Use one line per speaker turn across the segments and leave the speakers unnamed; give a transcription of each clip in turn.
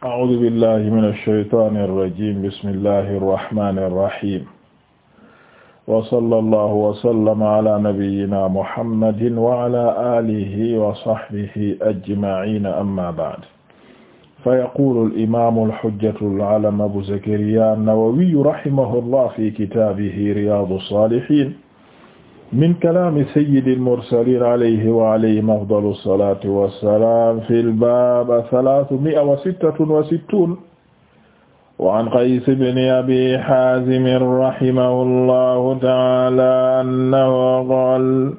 أعوذ بالله من الشيطان الرجيم بسم الله الرحمن الرحيم وصلى الله وسلم على نبينا محمد وعلى آله وصحبه أجمعين أما بعد فيقول الإمام الحجة العلم أبو زكريا النووي رحمه الله في كتابه رياض الصالحين min kalaami sayyidil mursaliin alayhi wa alayhim afdalu salaati wa salaam fil baab salaatu mi'a wa sittatun wa sittuun wa an Qays ibni Abi Haazim rahimahullahu ta'aala annahu qaala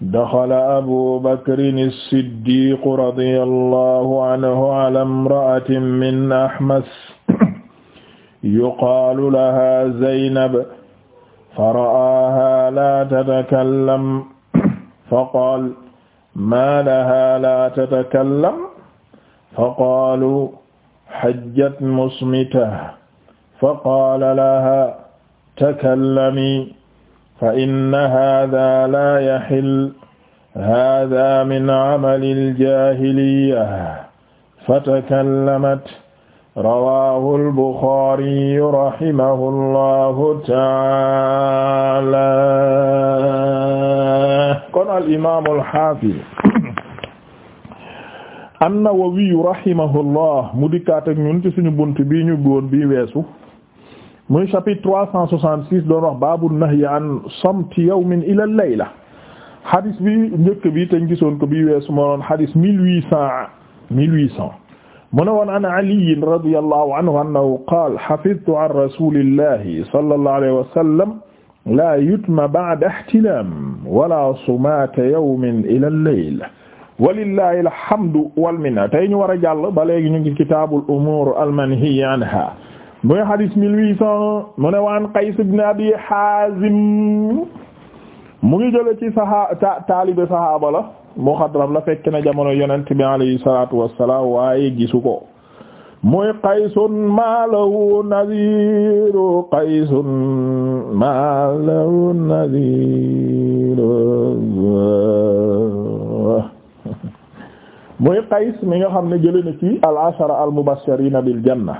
daxala Abu Bakrin as-Siddiiq radiyallahu anhu alaa imra'atin min Ahmas yuqaalu lahaa Zaynab fa ra'aaha laa tatakallam fa qaal maa lahaa laa tatakallam fa qaalu hajjat musmita fa qaala lahaa takallami fa inna haadaa laa yahillu haadaa min amali al-jaahiliyya fa takallamat rawaahu al-Buxaari rahimahullahu taala kon al-imaam al-Haafiz an-Nawawi rahimahullah mu dikkaat ak ñun ci suñu bunt bii ñu góon bii weesu muy chapitre trois cent soixante-six doon wax baabu nahyi an samti yawmin ila al-layla xadis bi njëkk bi te ñu gisoon ko bii weesu moo doon xadis mille huit cent mille huit cent mu ne woon an aliyin radiyallahu anhu annahu qaal hafidtu an rasulillahi sallallahu alayhi wa sallam laa yutma ba'da ihtilaam wala sumaata yawmin ila al-layl walillahi alhamdu wal minna tey ñu war a jàll ba léegi ñu ngi kitaabul umuur al-manhiyyi anhaa muy hadis 1800 mu ne waan Qays ibn Abi Haazim mu ngi jële ci saha ta taalibe sahaaba la muxadram la fekk na jamono yonent bi alayhi salatu wassalam waaye gisu ko muy qaysun ma lahu nadiru qaysun ma lahu nadiru muy qays mi nga xam ne jële na ci al ashara al mubashirina bil janna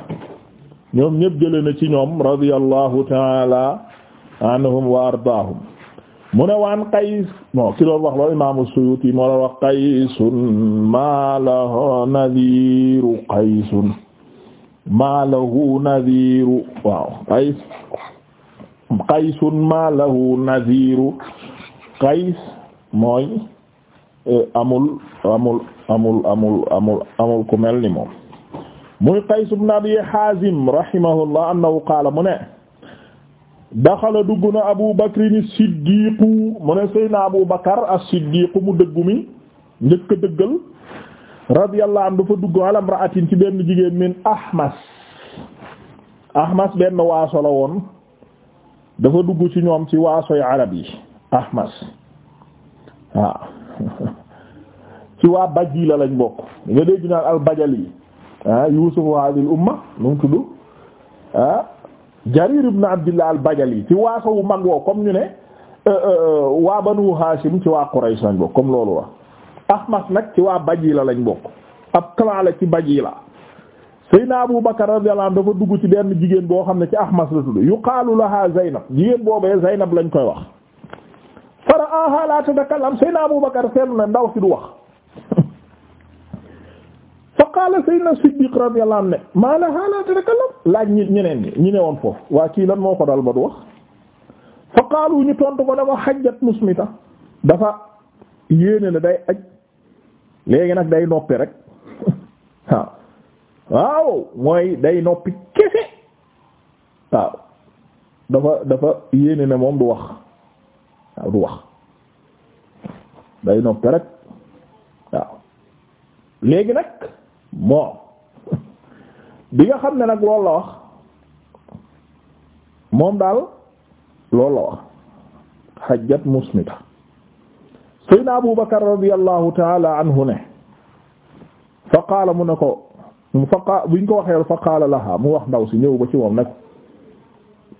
ñoom ñëpp na ci ñoom radiyallahu ta'ala anhum wa ardaahum mu ne waan qays bon ki doon wax loolu imaamu Suyuti moo doon wax qaysun maa lahu nadiru qaysun maa lahu nadiru waaw qays qaysun maa lahu nadiru qays mooy eh, amul amul amul amul amul amul ku mel ni moom muy qays ibn abi Haazim rahimahullah annahu qaala mu ne daxala dugg na Abu Bakrin Siddiq mu ne Seydina Abu Bakar as-Siddiq mu dëggu mi njëkk a dëggal radiyallahu anhu dafa dugg ala imra'atin ci benn jigéen min Ahmas Ahmas benn waaso la woon dafa dugg ci ñoom ci waasoy arab yi Ahmas waaw ci waa Bajila lañ bokk nga dégg naa al Bajali ah Yuusufu haadil umma mu tudd ah. jarir ibn abdillah al bajali ci waaso wu mag woo comme ñu ne euh, euh, euh, waa banu hashim ci waa quraysh lañ bokk comme loolu wax ahmas nag ci waa bajila lañ bokk ab clan ci bajila sayna abu bakar radiyallahu anhu dafa dugg ci benn jigéen boo xam ne ci ahmas la tudd yuqaalu laha zaynab jigéen boobee zaynab lañ koy wax faraaha la tatakallam sayna abu bakar seetlu ne ndaw si du wax qaala sayyidina Siddiq radiyallahu anhu maa lahaa laa tatakallam laaj ñi ñeneen ñi ñu ne woon foofu waa kii lan moo ko dal ba du wax fa qaalu ñu tontu ko dafa xajjat musmita dafa yéene na day aj léegi nag day noppi rek waaw mooy day noppi yéene ne moom du wax waaw du wax day noppi rek waaw léegi nag moom bi nga xam ne nag loolu la wax moom daal loolu la wax xajjat musmita saydna abu bakar radiallahu taala anhu ne fa qaala mu ne ko fa qaala buñ ko waxeel fa qaala laha mu wax ndaw si ñëw ba ci moom nag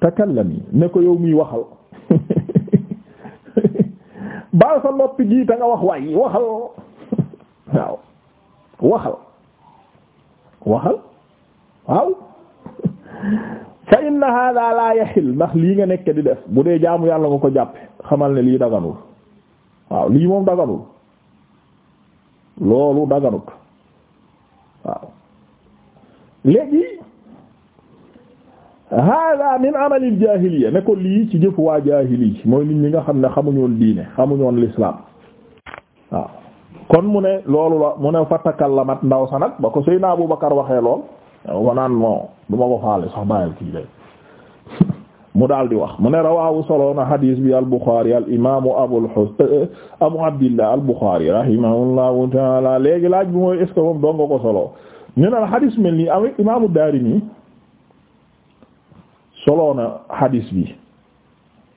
takallami ne ko yow miy waxal baal sa noppi gii ta nga wax waay waxal waaw waxal waxal waaw fa inna hada la yaxil ndax lii nga nekk di def bu dee jaamu yàlla nga ko jàppe xamal ne lii daganul waaw lii moom daganul loolu daganut waaw léegi hada min amalil jaahiliya ne ko lii ci jëf waa jaahili mooy nit ñi nga xam ne xamuñoon diine xamuñoon l'islam waaw kon mu ne loolu la mu ne fatakallamat ndaw sa nag ba ko Seydina Abu Bakar waxee lool wa naan moo du ma ko faale sax bàyyil kii day mu daal di wax mu ne rawahu soloona hadis bi al-Bukhari al imamu abul eh, Abu Abdillah al-Bukhari rahimahullahu taala léegi laaj bi mooy est ce que moom doon nga ko solo ñu naan hadis mel nii am imamu Daarimi soloona hadis bi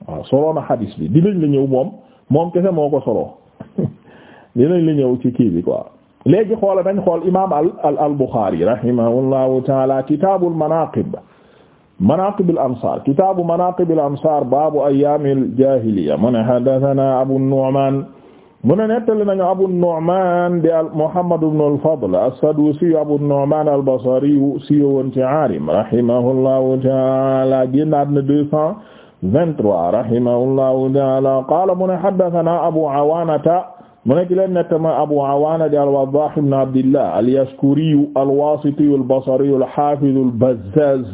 waaw soloona hadis bi dinañ la ñëw moom moom kese moo ko solo dinañ la ñëw ci kii bi quoi léegi xoola dañ xool imaam al al al Bukhari rahimahullahu taala kitaabul manaqib manaqibil ansaar kitaabu manaqibil ansaar baabu ayyaamil jaahiliya mu ne haddasanaa Abu Nu'maan mu ne nettali nañu Abu Nu'maan di al Muhammad ibn al-Fadl as-Sadusi Abu Nu'maan al-Basri siiwoon ci Aarim rahimahullahu taala génnaat na deux cent vingt-trois rahimahullahu taala qaala mu ne haddasanaa Abu Awaanata mu nekk leen nettama Abu Awaana di al-Waddaah ibn Abdillah al-Yaskuriyu al-Waasitiyu al-Basriyu al-Haafizu al-Bazzaaz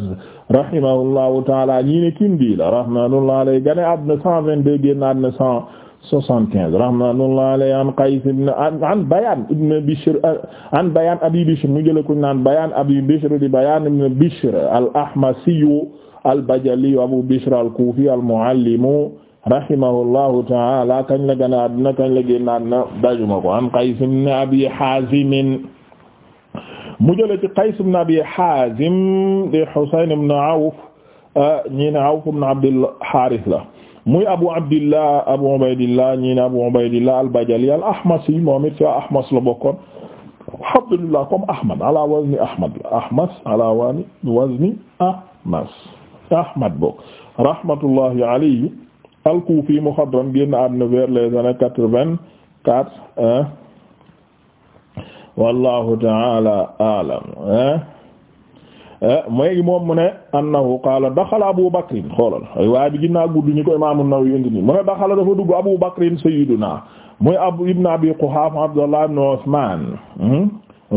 rahimahullahu ta'aala ñii ne kindi la rahmatullahi alayhi gane àddina 122 génn àddina 175 rahmatullahi alayhi an Qays ibn an Bayaan ibn Bishr an Bayaan Abi Bishr mu jël ko naan Bayaan Abi Bishr di Bayaan ibn Bishr al-Ahmasiyu al-Bajaliyu Abu Bishr al-Kuufiyu al-Muallimu rahimahullahu ta'ala kañ la gane àddina la génn dajuma ko an Qays ibn Abi Hazim mu jële ci Qays ibn Abi Hazim di Husayn ibn Awf ñi ne Awf ibn Abdul Harith la muy Abu Abdillah Abu Ubaydillah ñi ne Abu Ubaydillah al-Bajali al-Ahmasi moom it ca Ahmas la bokkoon Ahmad ala wazni Ahmas ala wazni Ahmas Ahmad bokk al-Kufi mukhadram génn àdduna vers les années quatre-vingt-quatre wallahu ta'ala a'lam eh, mooy moom mu ne annahu qaala daxala Abu Bakrin xoolal waaye bi ginnaaw gudd ñi ko Imaam An-Nawawi indi nii mu ne daxala dafa dugg Abu Bakrin sayyiduna muy Abu ibn Abi Quhaafa Abdullah ibn Usmaan hmm?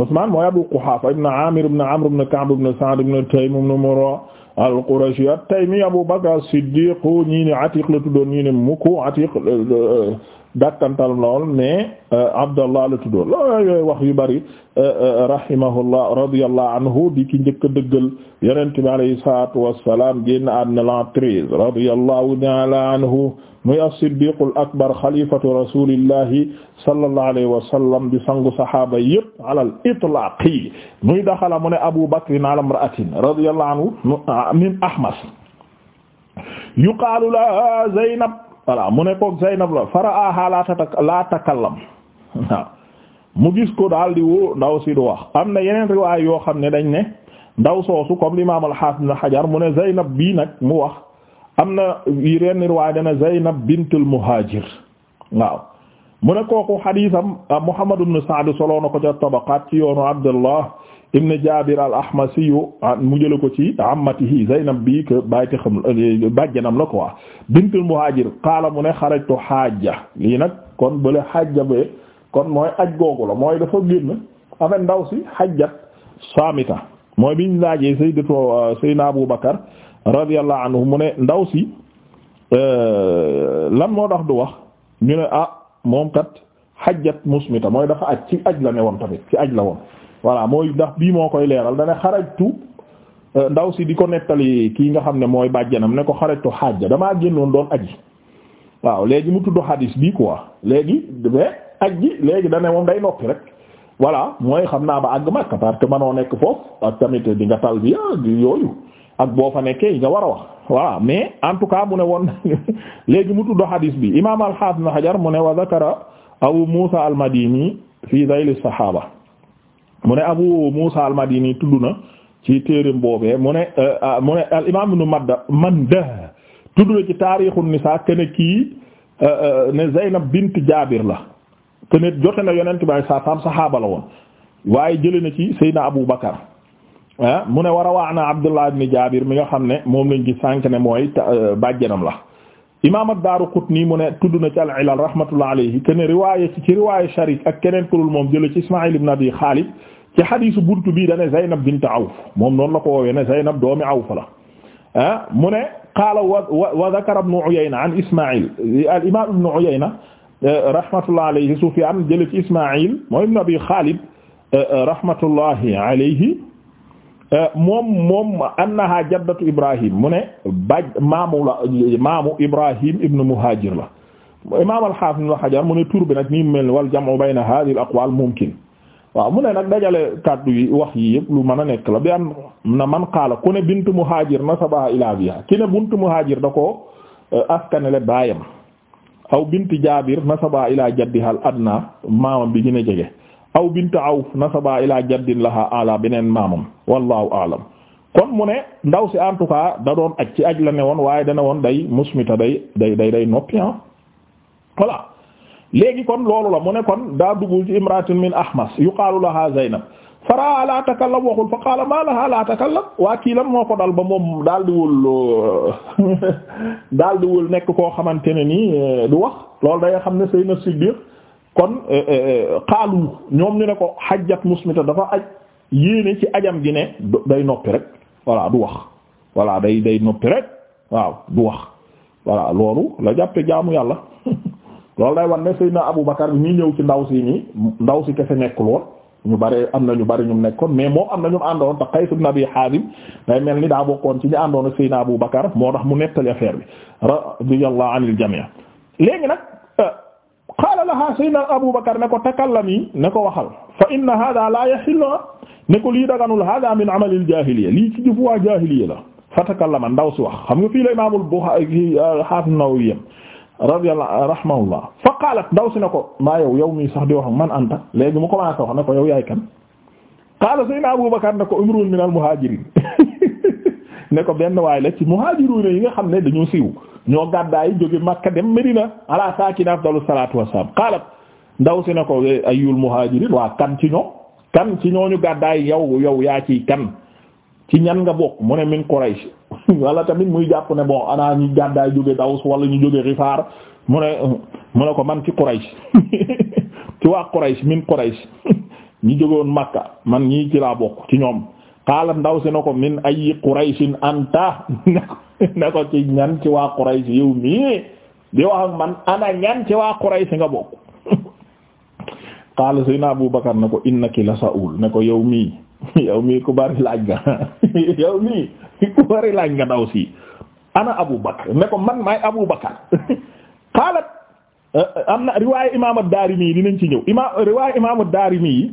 Usmaan mooy Abu Quhaafa ibn Aamir ibn Amr ibn Ka'b ibn Sa'd ibn Taym ibn Murra al-Qurashi at-Taymi Abu Bakr as-Siddiq ñii ne Atiq la tuddoon ñii ne mukk Atiq dàkkantalam la woon mais euh, Abdallah la tuddoon la yooyu wax yu bari euh, euh, rahimahullah radiyallahu anhu di ki njëkk a dëggal yonent bi alayhi salaatu wassalaam génn àddina l'an treize radiyallahu ta'ala anhu muy as-siddiqul akbar xalifatu rasulillahi sallallahu alayhi wa sallam di sangu saxaaba yëpp alal itlaaqi muy daxala mu ne Abu Bakrin ala imra'atin radiyallahu anhu min Ahmas yuqaalu laha Zaynab voilà mu ne koog Zaynab la faraaha laa takallam waaw mu gis ko daal di woo ndaw si du wax am na yeneen riwaay yoo xam ne dañ ne ndaw soosu comme l'imam al-Hafiz Ibn Hajar mu ne Zaynab bii nag mu wax am na yeneen riwaay dana Zaynab bintul Muhajir waaw mu ne kooku xadiisam Muhammad ibn Sa'd solo na ko ca Tabaqaat ci yoonu Abdullah ibn Jaabir al-Ahmasi ah, mu jëlee ko ci ammatihi Zaynab bi que bàyyi xam eh, bàjjanam la quoi bintul Muhaajir qaala mu ne xarajtu xaaja lii nag kon bële xaaja bee kon mooy aj googu la mooy dafa génn affaire ndaw si xajjat saamita mooy biñ laajee sayyidatu ah, Sayyidina Abu Bakar radiyallahu anhu mu ne ndaw si eh, lan moo tax du wax ñu ne ah moom kat xajjat musmita mooy dafa aj ci aj la ne woon tamit ci aj la woon. voilà mooy ndax bii moo koy leeral dana xarajtu euh, ndaw si di ko nettali kii nga xam ne mooy bàjjanam na ko xarajtu xaajja damaa génnoon doon aji waaw léegi mu tudd xadis quoi léegi mais léegi da ne moom day noppi rek voilà mooy xam naa ba àgg Makka parce que manoo nekk foofu ak tamit di nga tal bi di ak boo fa nekkee nga war a wax voilà mais en tout cas mu ne woon léegi mu tudd xadis bi ne wa zakara Abu Musa al-Madini fi dhayl as-sahaba mu ne Abu Musa al-Madini tudd na ci téere boobee mu ne euh, ah, mu ne al imaam ibn Madda Mandah tudd na ci taarixu nisaa kene kii euh, euh, ne Zeynab bint Jaabir la kene jote na yonent bi saa tam saxaaba la woon waaye jëlee na ci Seydina Abu Bakar ah mu ne war a wax na Abdullah ibn Jaabir mi nga xam ne moom lañ gis sànk ne mooy bàjjanam la. imaam ad-Daaraqutni mu ne tudd na ci al-Ilal rahmatullah alayhi ken riwaaya ci ci riwaaya Sharik ak keneen ku dul moom jëlee ci Ismaa'il ibn Abi Xaalid ci xadiisu buntu bii da ne Zaynab bint Awf moom noonu la ko woowee ne Zaynab doomi Awf la ah mu ne qaala wa zakara ibn Uyayna an Ismaa'il al-imaam ibn Uyayna eh, rahmatullah alayhi Sufyaan jëlee ci Ismaa'il mooy ibn Abi Xaalid eh, eh, rahmatullahi alayhi Euh, moom moom annaha jaddatu Ibrahim mu ne baj maamu la maamu Ibrahim ibn Muhajir la imam al-Hafiz ibn Hajar mu ne tur bi nag nii mel ni wal jam bayna hadhihi al-aqwal mumkin waaw mu ne nag dajale kàddu yi wax yi lu mën a nekk la bi am na man qaala ku ne bintu Muhajir nasabaha ila abiha ki ne bintu Muhajir da ko euh, askanele baayam aw bintu Jaabir nasabaha ila jaddiha al-adna maamam bi gën a jege aw bint awf nasaba ila jaddin laha ala beneen maamam wallahu aalam kon mu ne ndaw si en tout cas da doon aj ci aj la ne woon waaye dana woon day musmita day day day noppi ah voilà léegi kon loolu la mu ne kon daa dugg ci imratin min ahmas yuqaalu laha zaynab faraa la takallam waxul fa qaala ma laha la takallam waa kii lan moo ko dal ba moom daal di wul daal di wul nekk koo xamante ne nii eh, du wax lool day xam ne Seydina Siddiq kon xaalu euh, euh, euh, ñoom ñu ne ko xajjat musmita dafa aj yéene ci ajam gi ne day noppi rek voilà du wax voilà day day noppi rek waaw du wax voilà loolu la jàppe jaamu yàlla loolu day wan ne Seydina Abu Bakar bi ñuy ñëw ci ndaw si nii ndaw si kese nekkul woon ñu bare am na ñu bari ñu nekkoon mais moom am na ñu àndoon te Qays ibn Abi Hazim mel ni daa bokkoon ci ñu àndoon ak Seydina Abu Bakar moo tax mu nettali affaire bi radiyallahu anil jami' léegi nag qaala laha sayyidina Abu Bakar ne ko takallami ne ko waxal fa inna hada la yahillu ne ko lii daganul hada min amali al-jahiliya lii ci jëfu waa jahiliya la fa takallama ndaw si wax xam nga fii la Imaam al-Bukhari haafid euh, Nawawi radiyallahu rahimahullah fa qaalat ndaw si ne ko maa yow yow mii sax di wax man anta léegi mu commencé wax ne ko yow yaay kan qaala sayyidina Abu Bakar ne ko imrun min al-muhajirin ne ko benn waay la ci muhajiruun yi nga xam ne dañoo siiw ñoo gàddaay jóge Makka dem Medina ala saakin afdalu salaatu wassalaam qaalat ndaw si na ko eh, ayyul muhaajiriin waa kan ci ñoo kan ci ñooñu gàddaay yow yow yaa ciy kan ci ñan nga bokk mu ne min Quraysh wala tamit muy jàpp ne bon ana ñu gàddaay jóge Daws wala ñu jóge Rifaar mu ne mu ne ko man ci Quraysh ci waa Quraysh min Quraysh ñi jógoon Makka man ñii ci laa bokk ci ñoom qaalat ndaw si ne ko min ayyi Qurayshin anta ne ko ci ñan ci waa Quraysh yow mii di wax man ana ñan ci waa Quraysh nga bokk qaala sayna Abu Bakar ne ko innaki la sa'ul ne ko yow mii yow mii ku bari laaj nga yow mii laaj nga daw si ana Abu Bakar ne ko man maay Abu Bakar qaalat eh, eh, am na riwaayu imaam ad-Daarimi yi dinañ ci ñëw imaam riwaayu imaam ad-Daarimi yi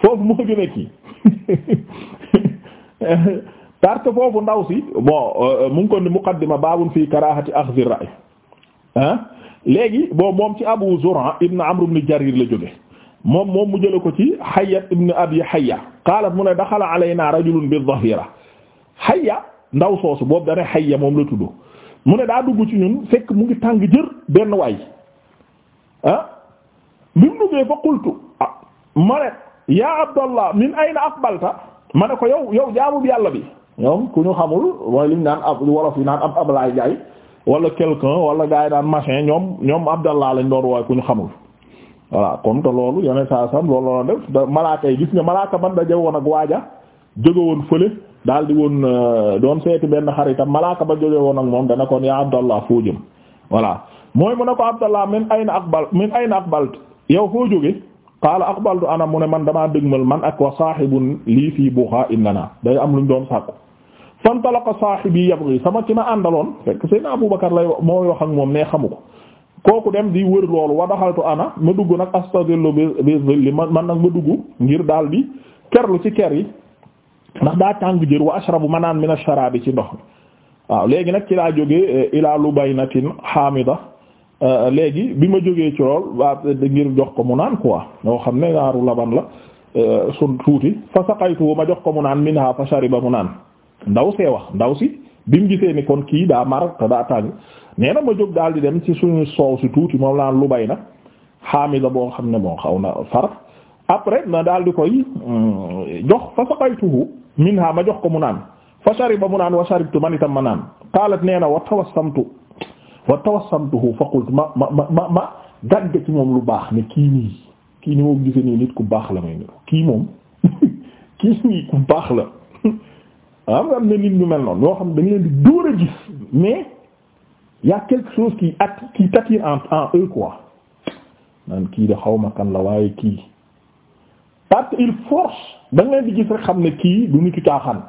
foofu moo gën a kii eh, parce que foofu ndaw si bon euh, mu ngi ko ni muqaddima baabun fii karaahati axdi ra'i ah léegi bon moom ci Abu Zur'a ibn Amr ibn Jarir la jóge moom moom mu jële ko ci Hayya ibn Abi Hayya qaalat mu ne daxala alaynaa rajulun bi-dhahira Hayya ndaw soosu boobu dane Hayya moom la tudd mu ne daa dugg ci ñun fekk mu ngi tàng jër benn waay ah bi mu duggee fa qultu ah ma ne Abdallah min ayna aqbalta ma ko yow yow jaamu bi yàlla bi ñoom ku ñu xamul mooy liñ naan ab wolof yi naan ab Ablaye Ndiaye wala quelqu'un wala gars yi naan ñoom ñoom Abdallah lañ doon wooy ku ñu xamul. voilà comme te loolu yeneen saa sam loolu la def malaaka yi gis nga malaaka man da woon ak waaja jóge woon fële daal di woon euh, doon seeti benn xaritam malaaka ba jóge woon moom dana kon yaa Abdallah foo jëm voilà mooy mu ne ko Abdallah min ayna aqbal min ayna aqbalt yow foo jóge qaala aqbaltu ana mu ne man damaa dëgmal man ak wa saahibun lii fii buxaa in day am luñ doom sàkku fantalaqa saahibi yabghi sama ki ma àndaloon fekk Seydina Abubakar lay mooy wax ak moom nee xamu ko kooku dem di wër loolu wa daxaltu ana ma dugg nag astadillu bi zilli man nag ma dugg ngir daal di kerlu ci ker yi ndax daa tàng jër wa ashrabu ma naan min ash-sharabi ci ndox mi waaw léegi nag ci laa jógee eh, ila lubaynatin hamida eh, léegi bi ma jógee ci lool waa ngir jox ko mu naan quoi yoo xam ne naaru laban la eh, sun tuuti fa saqaytu ma jox ko mu naan minha fa shariba mu naan ndaw see wax ndaw si bi mu gisee ni kon kii daa mar te daa tàng nee na ma jóg daal di dem ci suñu soow si tuuti moom laa lu bay nag xaamisa boo xam ne moo xaw na far après na daal di koy mm, jox fa saqaytuhu jox ko mu naan fa shariba mu naan wa sharibtu man itam ma naan qalat nee na wa tawassamtu wa tawassamtuhu fa ma ma ma moom lu baax ne kii nii kii ni moom gisee nii nit ku baax la may ni kii moom kii nii ku baax la am am na nit ñu mel noonu ñoo xam dañ leen di dóor a gis mais y a quelque chose qui at qui t'attire en en eux quoi naan kii de xaw ma kan la waaye kii parce il force da leen di gis rek xam ne kii du nitu caaxaan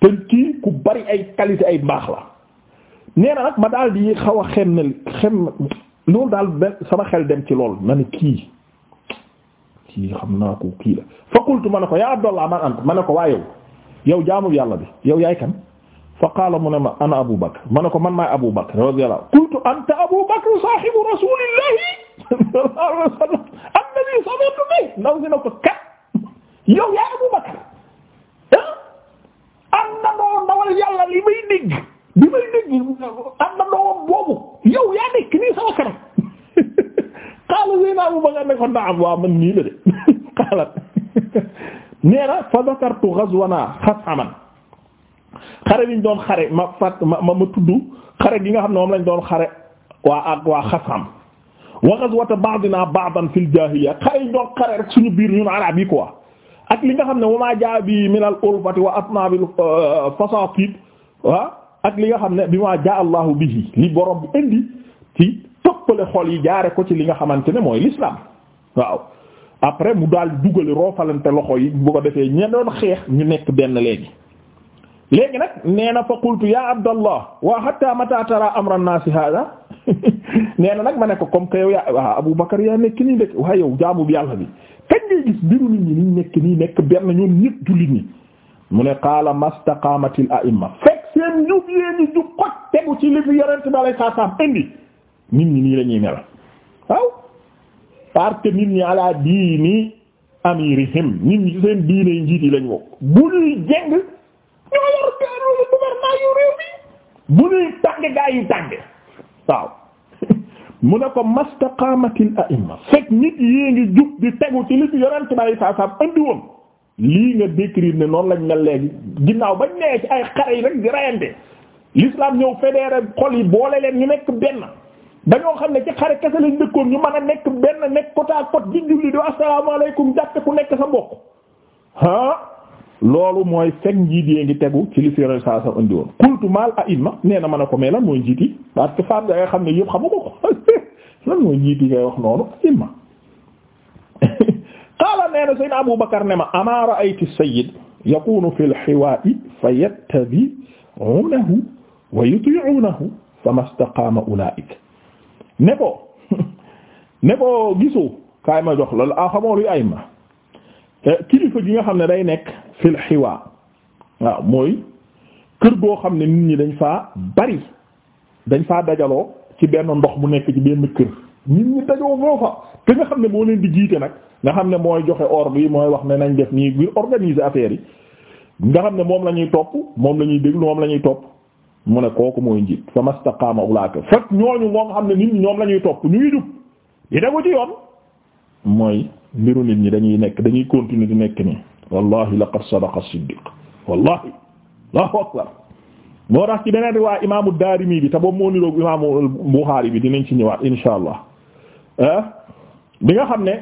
te kii ku bari ay qualité ay mbaax la nee na nag ma daal di xaw a xem ne xem loolu daal sama xel dem ci lool ma ne kii kii xam naa ko kii la fa ma ne ko yaa Abdallah man ant ma ne ko waaye yow yow jaamu yàlla bi yow yaay kan fa qaala mu ne ma ana Abu Bakr ma ne ko man maay Abu Bakr radiyallahu qultu anta Abu Bakr saahibu rasulillahi sallallahu alayhi wa sallam alladhi sami'tu bi ndaw si na ko kat yow yaay Abu Bakr am na doo ndawal yàlla li may dégg bi may dégg am na doowam boobu yow yaa nekk nii sama kanam qaala Zaynab Abu Bakr ne ko naam waaw man nii la de qaala nee na fa zakartu doon xare ma fat ma ma tudd xare gi nga xam ne moom lañ doon xare waa ak waa xasam wa ghazwata ba'dina ba'dan fil jahiliya li nga xam ne wa ma jaa bi minal ulfati wa atnabil wa euh, ah, ak li nga xam ne bi ma jaa Allahu bihi li borom bi indi ci toppale xol yi jaare ko ci li nga xamante ne mooy l'islam après mu daal dugale roofalante loxo yi bu ko defee ña doon xeex ñu nekk benn léegi léegi nag nee na fa qultu ya abdallah wa hatta mata tara amra naasi hada na nag ma ne ko comme yaa waaw ah, bakar yaa nekk nii nekk waaye yow jaamu bi yàlla bi kañ ngay gis mbiru nit ñi niñ nekk nekk benn ñoom ñëpp jullit ñi mu ne qaala mastaqamatil a'imma fekk seen ñub yée ñi ju xoj ci li fi yorente bi alay saa saam indi nit ñi nii la ñuy mel parce que nit ñi ala diini amirihim nit ñi seen diine njiit yi lañu wokk bu ñuy jeng ñoo yor gouvernement gouvernement yu réew mi bu ñuy tànge gaa yi tànge waaw mu ne ko mastaqamatil a'imma fekk nit yee ngi jub di tegu ci li ci yonent bàyyi saa saam andi lii nga décrire ne noonu lañ mel léegi ginnaaw bañ nee ci ay xare yi rek di rayante ñëw fédéré xol yi boole leen ñu nekk benn dañoo xam ne ci xare kese lañ dëkkoon ñu mën a nekk benn nekk côte à côte di julli di asalaamaaleykum jàkk ku nekk sa mbokk loolu mooy fekk njiit yee ngi tegu ci li fi yore saa woon kultu maal a imma nee na ko mais lan mooy njiit yi parce que femme da nga xam ne xam xamu ko lan mooy njiit yi ngay wax noonu imma qaala nee na Abu Bakar ne ma amaa ra'ayti sayyid yakunu fil hiwaa'i fayattabi'unahu wa yuti'unahu famastaqaama ulaa'ika ne ko gisoo kaay ma jox la ah xamoo luy ay ma eh, kilifa gi nga xam ne day nekk fil xiwaa waaw mooy kër goo xam ne nit ñi dañ faa bari dañ faa dajaloo ci benn ndox mu nekk ci benn kër nit ñi dajoo boo fa te nga xam ne moo leen di jiite nag nga xam ne mooy joxe ordre yi mooy wax ne nañ def nii ngir organiser affaire yi nga xam ne moom la ñuy topp moom la ñuy déglu moom la ñuy topp mu ne kooku mooy njiit fa mastaqaama ulaaka fekk ñooñu moom xam ne nit ñi ñoom la ñuy topp ñu ngi jub di degu ci yoon mooy mbiru nit ñi dañuy nekk dañuy continuer di nekk nii wallahi laqad sadaqa siddiq wallahi allahu akbar moo tax ci beneen riwaay imaamu Daarimi bi te boobu moo niroog imaamu Buxaari bi dinañ ci ñëwaat insha allah eh? bi nga xam ne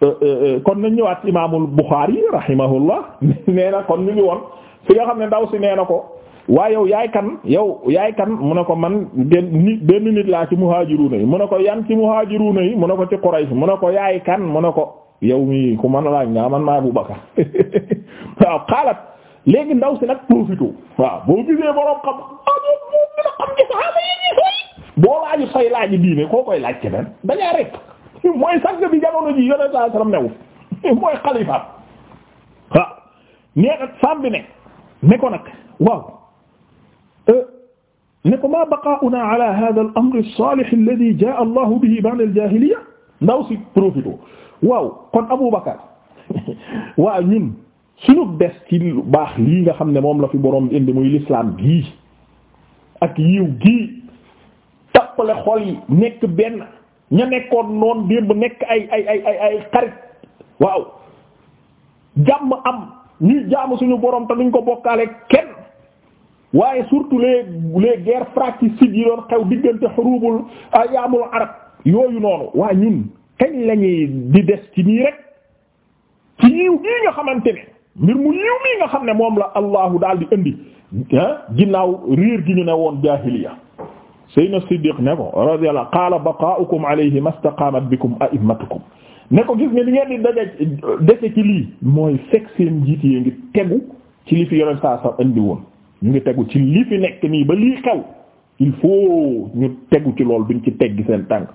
eh, eh, kon nañ ñëwaat ci imaamul Buxaari nee na kon ñu ngi woon fi nga xam ne ndaw si nee na ko waa yow yaay kan yow yaay kan mu ne ko man benn nit laa ci muhajiruna yi mu ne ko yan ci muhajiruna yi mu ne ko ci Quraysh mu ne ko yaay kan mu ne ko yow mi ku man laaj nga man maa Abu Bakar waaw xaalat léegi ndaw si nag profité waaw boo gisee borom ah, xam boo laaju say laaji diine koo koy laaj keneen dangaa rek mooy sàng bi jamono ji yoneen saa sallam newu mooy xalifaat waaw nee nag bi ne ne ko nag waaw ne ko maa baqaa'una ala haaza al-amri ndaw si profité waaw kon Abu Bakar waaw ñun suñu des baax lii nga xam ne moom la fi boroom indi muy l'islam gii ak yiw gii tappale xol yi nekk benn ña nekkoon noon démb nekk ay ay ay ay waaw jàmm am ñuy jaamu suñu boroom te ko bokkaale kenn waaye surtout les les guerres fratricides yi doon xew diggante xurubul ayaamul arab yooyu noonu waa ñun kañ di des ci nii rek ci yiw gii nga xamante ne mbir mu yiw mii nga xam ne moom la allahu daal di indi ah ginnaaw riir gi ñu ne woon jaahiliya sayna siddiq ne ko radiyallahu qaala baqaa'ukum alayhi mastaqaamat bikum a'immatukum ne ko gis nga li ngeen di daje dese ci lii mooy fekk seen njiit yi ngi tegu ci li fi yoneen saa woon ñu ngi tegu ci li fi nekk nii ba lii xew il faut ñu tegu ci lool duñ ci teggi seen tànk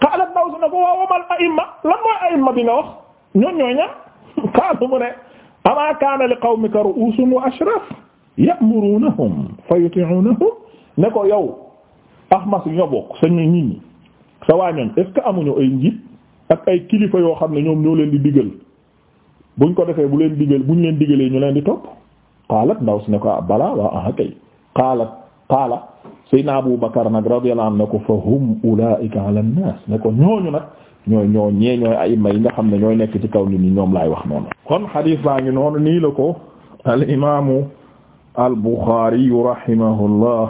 xaalat ndaw si na ko waaw amal a'imma lan mooy a'imma bi nga wax ñoon ñooy ña xaalu mu ne ama kaana ne ko yow ahmas yi nga bokk sa ñu nit ñi sa waa ñooñ est-ce amuñu ay njiit ak ay kilifa yoo xam ne ñoom ñoo leen di digal buñ ko defee bu leen digal buñ leen digalee ñu leen di topp qaalat ndaw si ne ko ah, bala waa a kay qaalat qaala sayna Abu Bakar nag radiyallahu anhu ne ko fa hum ulaa'ika ala an-naas ne ko ñooñu nag ñoo ñee ñooy ayima yi nga xam ne ñooy nekk ci kaw nit ñi ñoom laay wax noonu kon xadiis baa ngi noonu nii la ko al imaamu al Buxaari rahimahullah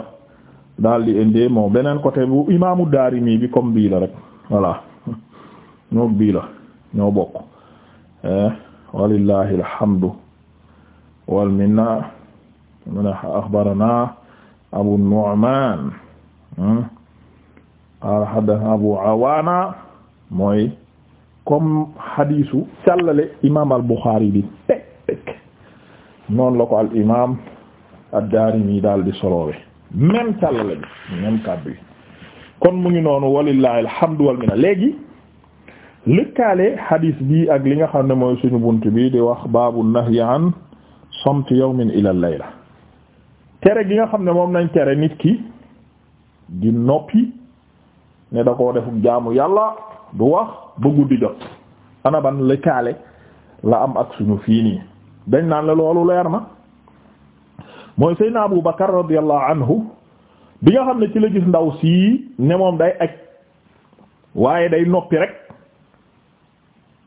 daal di indee moom beneen côté bu imaamu Daarimi bi kom bii la rek voilà ñoo bii la ñoo bokk eh, walillahi alhamdu wal minna mun axbarana abu nu'man hmm? qaala haddathana abu awaana mooy comme hadisu càllale imam al buxaari bi teg teg noonu la ko al imam ad-daarimi daal di soloowe même càllale bi même kàddu kon mu ngi noonu walillahi alhamdu wal minna léegi lëkkaale hadis bi ak li nga xam ne mooy suñu bunt bi di wax baabu nahyi an samtu yawmin ila layla tere gi nga xam ne moom nañ tere nit ki di noppi ne da koo defuk jaamu yàlla du wax ba guddi jot ana ban lëkkaale la am ak suñu fii nii dañ naan la loolu leer na mooy Seydina Abu Bakar radiyallahu anhu bi nga xam ne ci la gis ndaw sii ne moom day aj waaye day noppi rek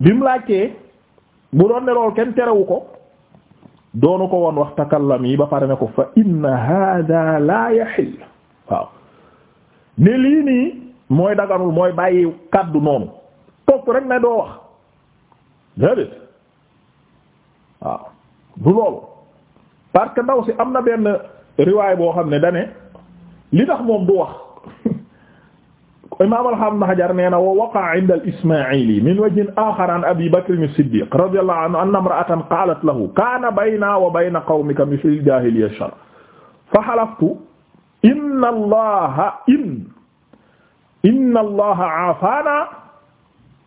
bi mu laajtee bu doon ne loolu kenn terewu ko doonu ko woon wax takallam yi ba pare ne ko fa inna hada la yaxil waaw ne lii nii mooy daganul mooy bàyyi kàddu noonu toog rek ne doo wax déedéet waaw du loolu parce que ndaw si am na benn riwaay boo xam ne dane li tax moom du wax imam alham na hajar nee na wa waqa'a 'inda al-Isma'ili min wajhin akhar an Abi Bakr as-Siddiq radiyallahu anhu anna imra'atan qalat lahu kana bayna wa bayna qawmika mithlu al-jahiliyya ash-sharr fa halaftu inna allaha in inna allaha 'afana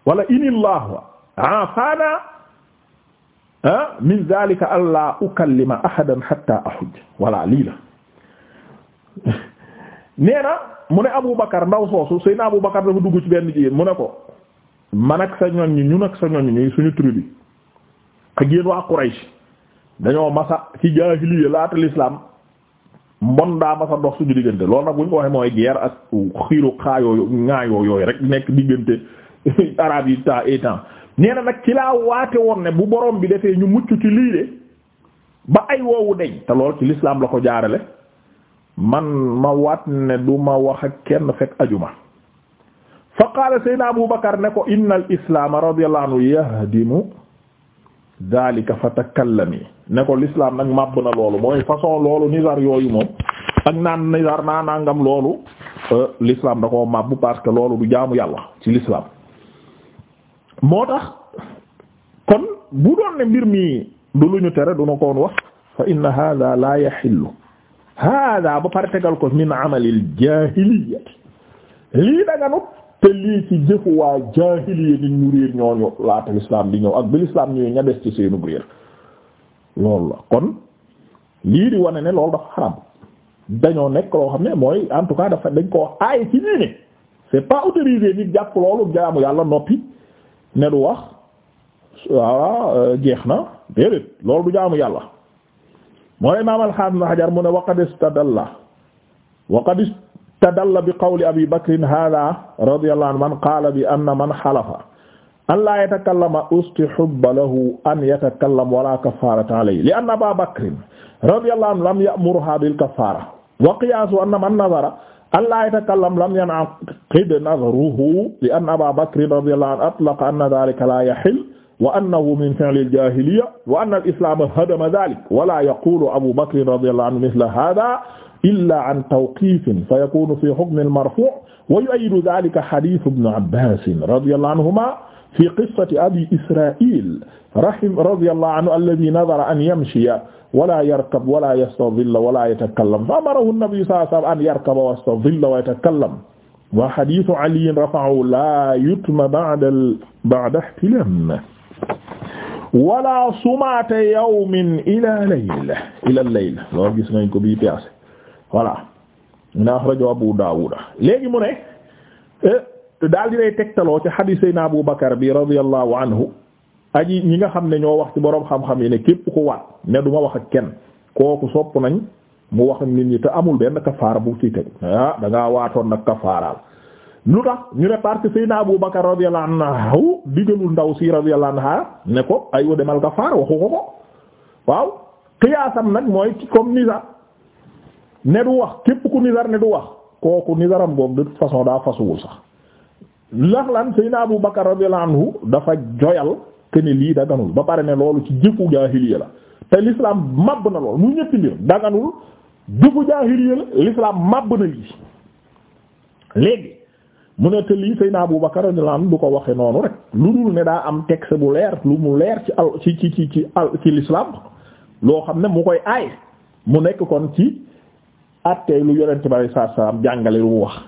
wala inna allaha 'afana min dhalika alla ukallima ahadan hatta ahujja wala lii la nee na mu ne Abu Bakar ndaw soosu Seydina Abu Bakar dafa dugg ci benn jigéen mu ne ko man ak sa ñoñ ñun ak sa ñoñ ñuy suñu tribu ak yéen waa Quraysh dañoo masa ci jaahiliya laata l'islam mbon daa masa dox suñu diggante loolu nag bu ñu waxee mooy guerre ak xiiru xaayoo ŋaayoo yooyu rek nekk diggante arab yi temps et temps nag ci laa waate woon ne bu borom bi defee ñu mucc ci lii de ba ay woowu deñ te lool ci l'islam la ko jaarale man ma waat ne du ma wax ak kenn fekk ajuma fa qaala saydna Abu Bakar ne ko inna al islam radiyallahu anhu yahdimu daalika fa takallami ne ko l'islam nag màbb na loolu mooy façon loolu nizar yooyu moom ak naan nizar naa nangam loolu euh, l'islam da koo màbb parce que loolu du jaamu yàlla ci l'islam moo tax kon bu doon ne mbir mi du lu ñu tere du na ko wax fa inna hada la yaxillu hada ba pare tegal ko min amalil jaahiliya lii daganut te lii ci jëfu waa jaahiliya ni ñu réer ñooñu laata lislaam di ñëw ak bi lislaam ñëwee ña ci seenu réer loolu la kon lii di wane ne loolu dafa xaram dañoo nekk loo xam ne mooy en tout cas dafa dañ ko aay ci ñii ne c'est pas autorisé nit jàpp loolu jaamu yàlla noppi ne du wax waaw ah, jeex na déedéet loolu du jaamu yàlla mooy imaam al-Haafiz Hajar mu ne waqad istadalla waqad istadalla bi qawli Abi Bakrin haadha radiyallahu anhu man qaala bi anna man halafa an laa yatakallama ustihibba lahu an yatakallam wala kaffaarata alayhi li anna Abaa Bakrin radiyallahu anhu lam ya'murhaa bil kaffaara wa qiyaasu anna man nadhara an laa yatakallam lam yan'aqid nadhruhu li anna Abaa Bakrin radiyallahu anhu atlaqa anna dhaalika laa yahillu wa annahu min fi'li al-jaahiliyya wa anna al-islaam hadama dhaalika wa laa yaquulu Abu Bakr radiyallahu anhu mithla haadhaa illaa an tawqiifin fa yakuunu fii hukmi al-marfuu' wa yu'ayyidu dhaalika hadiith ibn Abbaas radiyallahu anhumaa fii qissati Abii Israa'iil radiyallahu anhu alladhii nadhara an yamshiya wa laa yarkab wa laa yastadhilla wa laa yatakallam fa amarahu an-nabiyyu sallallahu alayhi wa sallam an yarkaba wa yastadhilla wa yatakallam wa hadiithu 'Aliyyin rafa'ahu laa yutma ba'da ba'da ihtilaam wala sumaata yawmin ila layl ila layl loolu gis nañ ko bii piace voilà na axrajo Abu Daawuda léegi mu ne eh, daal di lay tegtaloo ci xadiis na Abu Bakar bi radiyallahu anhu aji ñi nga xam ne ñoo wax ci boroom xam-xam yi ne képp ko waat ne du ma wax ak kenn kooku sopp nañ mu wax nit ñi te amul benn kafaara bu ci teg ah da ngaa waatoon nag kafaaraal lu tax ñu ne parce que Seydina Abu Bakar radiyallahu anhu digalul ndaw si radiyallahu anha ne ko aywa demal nga faar waxu ko ko waaw xiyaasam nag mooy comme nizar ne du wax képp ku nizar ne du wax kooku nizaram boobu de toute façon daa fasuwul sax lax lan Seydina Abu Bakar radiyallahu anhu dafa joyal que lii daganul ba pare ne loolu ci jëfu jaahiliya la te l'islam màbb na lool mu ñetti mbir daganul jëfu jaahiliya la l'islam màbb na lii léegi mu ne te lii naa Abu Bakar radiyallahu anhu du ko waxe noonu rek lu dul ne daa am texte bu leer lu mu leer ci al ci ci ci ci al ci l'islam loo xam ne mu koy aay mu nekk kon ci attey lu yonente bi alei saatu salaam jàngale lu mu wax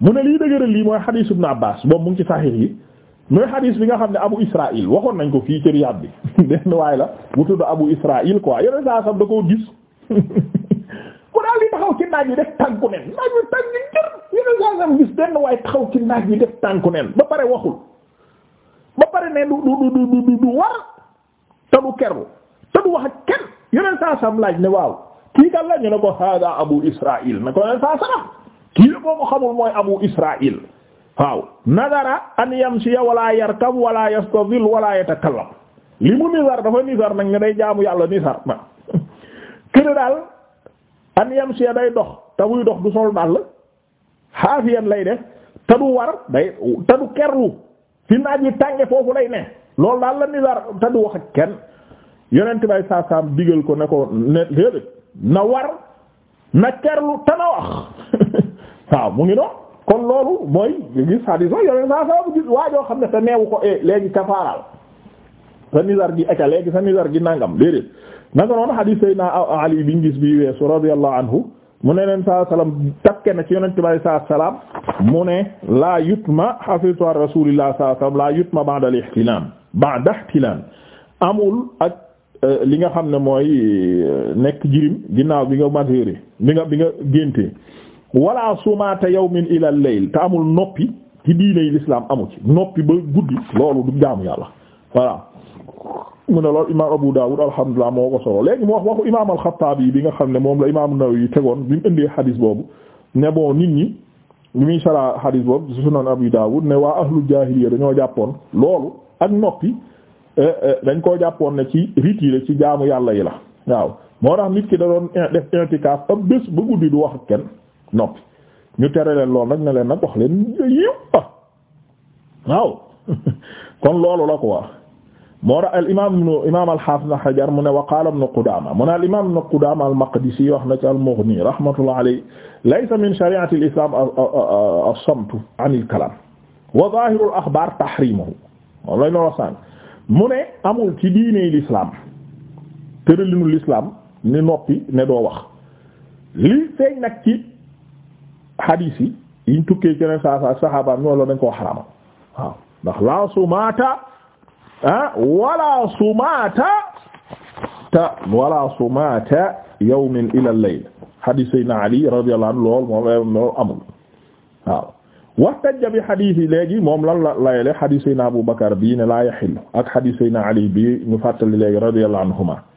mu ne lii dëgëral lii mooy xadiis Ibn Abbas boobu mu ngi ci saxiix yi mooy xadiis bi nga xam ne Abu Israil waxoon nañ ko fii ci Riyad bi benn waay la bu tudd Abu Israil quoi yonent saa sam da koo gis ku daal di taxaw ci naaj yi def saasam gis benn waaye taxaw ci naaj bi def tànku neen ba pare waxul ba pare ne du du du du du war te du kerlu te du wax ak kenn yeneen saasam laaj ne waaw kii kan la ñu ne ko hada abu na ko kii la boo xamul mooy abu israil waaw nadara an yamshiya wala yarkab wala yastazil wala yatakallam li mu nisar dafa nisar nag ne day jaamu yàlla nisar ma kër daal an day dox te muy dox du sol dàll xaafiyan lay def te du war day te du kerlu fi naaj yu tànge foofu lay ne loolu daal la nizar te du wax kenn yonent bay saasaam digal ko ne ko ne léegi na war na kerlu te na wax waaw mu ngi noonu kon loolu mooy gis xadiis o yonent saasaam gis waajoo xam ne te neewu ko eh léegi kafaaral sa nizar gi aka léegi sa nizar gi nangam déedéet nanga noonu xadiis sayna Ali biñ bi weesu radiyallahu anhu mu ne leen saa sàkke na ci yonent bi alayhi salaatu wa salaam mu ne laa yutma hafiztu an rasuulillah sallallahu alayhi wa sallam laa yutma ba'da al-ihtilaam ba'da amul ak euh, li nga xam ne mooy euh, nekk jirim ginnaaw bi nga matéri bi nga bi nga géntee wala sumaata yawmin ila al-layl te amul noppi ci diine yi l'islam amu ci noppi ba guddi loolu du jaamu yàlla voilà mu ne loolu imaam Abu Dawud alhamdulilah moo ko solo léegi mu wax waxu imaam al-Xattaabi bi nga xam ne moom la imaam Nawawi tegoon bi mu boobu ne bon nit ñi li muy sara hadis boobu sunan Abu Dawud ne waa ahlul jaahiliya dañoo jàppoon loolu ak noppi eh, eh, dañ koo jàppoon ne ci rite yi la ci jaamu yàlla yi la waaw moo tax nit ki da doon def intikaaf am bés ba guddi du wax ak kenn noppi ñu tere leen loolu nag ne leen nag wax leen yiw waaw kon loolu la quoi moo tax al imaam nu imaam al-Haafiz Ibn Hajar mu ne wa qaala Ibn Qudaama mu ne al imaam Ibn Qudaama al-Maqdisi wax na ci al-Mughni rahmatullah alayhi laysa min shari'ati al-islaam as-samtu an al-kalaam wa zaahiru al-axbaar tahriimuhu moom lañ wax sànq mu ne amul ci diiney l'islam tëralinu l'islam ni noppi ne doo wax li feeñ nag ci hadiis yi yiñ tukkee ci ne saa saa saxaaba ñoo la dañ koo xaraamal waaw ndax laa sumaata ah wala sumaata ta wala sumaata yawmin ila al-layl hadith sayna ali radiyallahu anhu lool moom loolu amul waaw waxtajja bi hadith yi léegi moom lan la layele hadith sayna abu bakar bii ne la yahillu ak hadith sayna ali bi ñu fàttali léegi radiyallahu anhuma